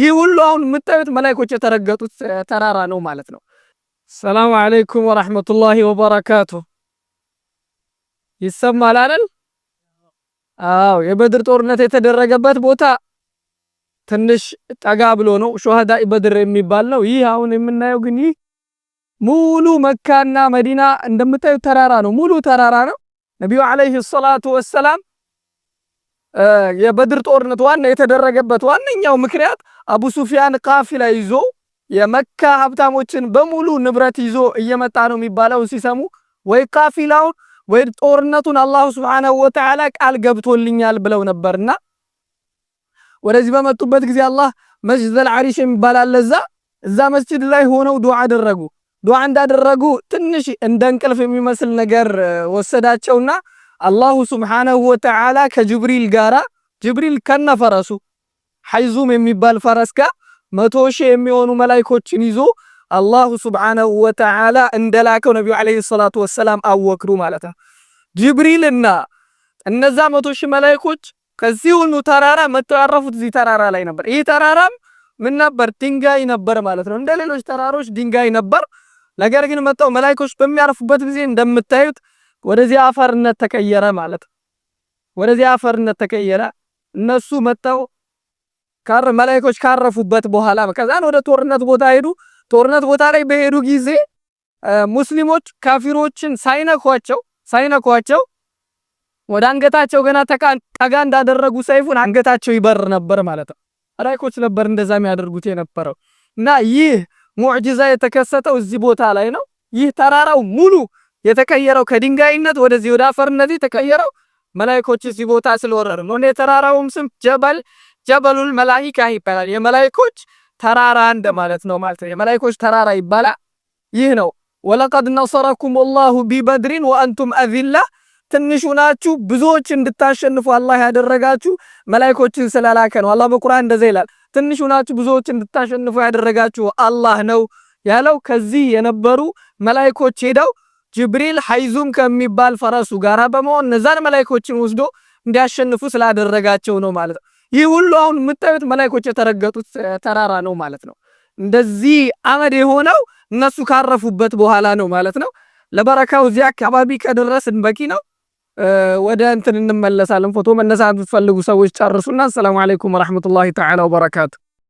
ይህ ሁሉ አሁን የምታዩት መላይኮች የተረገጡት ተራራ ነው ማለት ነው። ሰላም አለይኩም ወራህመቱላሂ ወበረካቱ። ይሰማል አይደል? አዎ፣ የበድር ጦርነት የተደረገበት ቦታ ትንሽ ጠጋ ብሎ ነው። ሹሃዳ በድር የሚባል ነው። ይህ አሁን የምናየው ግን ይህ ሙሉ መካና መዲና እንደምታዩት ተራራ ነው። ሙሉ ተራራ ነው። ነቢዩ አለይሂ ሰላቱ ወሰላም የበድር ጦርነት ዋና የተደረገበት ዋነኛው ምክንያት አቡ ሱፊያን ካፊላ ይዞ የመካ ሀብታሞችን በሙሉ ንብረት ይዞ እየመጣ ነው የሚባለውን ሲሰሙ ወይ ካፊላውን ወይ ጦርነቱን አላሁ ስብሓነሁ ወተዓላ ቃል ገብቶልኛል ብለው ነበርና ወደዚህ በመጡበት ጊዜ አላህ መስጅድ አልዓሪሽ የሚባላል እዛ እዛ መስጅድ ላይ ሆነው ዱዓ አደረጉ። ዱዓ እንዳደረጉ ትንሽ እንደ እንቅልፍ የሚመስል ነገር ወሰዳቸውና አላሁ ስብሓነሁ ወተዓላ ከጅብሪል ጋራ ጅብሪል ከነፈረሱ ሐይዙም የሚባል ፈረስ ጋር መቶ ሺህ የሚሆኑ መላይኮችን ይዞ አላሁ ስብሓነሁ ወተዓላ እንደላከው ነቢዩ ዓለይሂ ሰላቱ ወሰላም አወክሩ ማለት ነው። ጅብሪልና እነዛ መቶ ሺህ መላይኮች ከዚህ ተራራ መተው ያረፉት እዚህ ተራራ ላይ ነበር። ይህ ተራራም ምን ነበር? ድንጋይ ነበር ማለት ነው። እንደ ሌሎች ተራሮች ድንጋይ ነበር። ነገር ግን መተው መላይኮች በሚያርፉበት ጊዜ እንደምታዩት ወደዚህ አፈርነት ተቀየረ ማለት ነው። ወደዚህ አፈርነት ተቀየረ። እነሱ መጣው ካር መላእክቶች ካረፉበት በኋላ ከዛን ወደ ጦርነት ቦታ ሄዱ። ጦርነት ቦታ ላይ በሄዱ ጊዜ ሙስሊሞች ካፊሮችን ሳይነኳቸው ሳይነኳቸው ወደ አንገታቸው ገና ጠጋ እንዳደረጉ ሰይፉን አንገታቸው ይበር ነበር ማለት ነው። መላእክቶች ነበር እንደዛ የሚያደርጉት የነበረው እና ይህ ሙዕጂዛ የተከሰተው እዚህ ቦታ ላይ ነው። ይህ ተራራው ሙሉ የተቀየረው ከድንጋይነት ወደዚህ ወደ አፈርነት የተቀየረው መላይኮች እዚህ ቦታ ስለወረሩ ነው። የተራራውም ስም ጀበል ጀበሉል መላይካ ይባላል። የመላይኮች ተራራ እንደማለት ነው ማለት ነው። የመላይኮች ተራራ ይባላል። ይህ ነው ወለቀድ ነሰረኩም ላሁ ቢበድሪን ወአንቱም አዚላ ትንሹ ናችሁ ብዙዎች እንድታሸንፉ አላህ ያደረጋችሁ መላይኮችን ስለላከ ነው። አላህ በቁርአን እንደዚህ ይላል፣ ትንሹ ናችሁ ብዙዎች እንድታሸንፉ ያደረጋችሁ አላህ ነው ያለው። ከዚህ የነበሩ መላይኮች ሄደው ጅብሪል ሐይዙም ከሚባል ፈረሱ ጋር በመሆን እነዛን መላይኮችን ወስዶ እንዲያሸንፉ ስላደረጋቸው ነው ማለት ነው። ይህ ሁሉ አሁን የምታዩት መላይኮች የተረገጡት ተራራ ነው ማለት ነው። እንደዚህ አመድ የሆነው እነሱ ካረፉበት በኋላ ነው ማለት ነው። ለበረካው እዚህ አካባቢ ከደረስን በቂ ነው። ወደ እንትን እንመለሳለን። ፎቶ መነሳት የምትፈልጉ ሰዎች ጨርሱና፣ አሰላሙ አለይኩም ወራህመቱላሂ ተዓላ ወበረካቱ